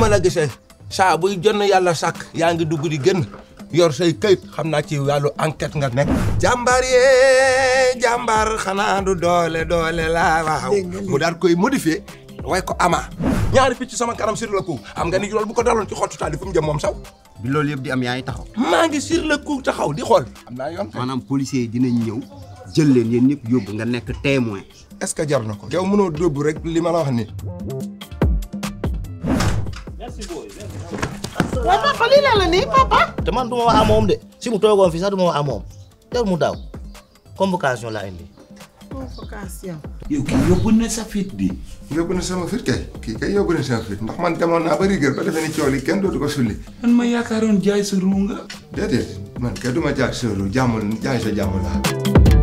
mën a gisee saa buy jonn yàlla sàkk yaa ngi dugg di gën yor say këyit xam naa ci wàllu enquête nga nekk. jàmbaar yee jàmbaar xanaa du doole doole laa waaw. mu daal koy modifié way ko ama ñaari ci sama kanam sur la coup am nga ni lool bu ko daloon ci xottu taal di fu jëm moom saw. bi loolu yëpp di am yaa ngi taxaw. maa ngi sur la coup taxaw di xool. am naa yoon maanaam policiers yi dinañ ñëw jël leen yéen ñëpp yóbbu nga nekk témoin. est-ce que jar na ko. yow wata qalila la ni papa dama duma wax mom de si mu togon fi sax duma wax mom del mu daw convocation la indi convocation Yo yo yobbu na sa fit bi yobbu na sama fit kay ki kay yo na sama fit ndax man demoon naa bari gër ba defe ni coow li kenn dootu ko sulli man ma yaakaaroon jaay sa ruu nga déedéet man kay duma jaay sa ruu jàmmul jaay sa jàmmul laa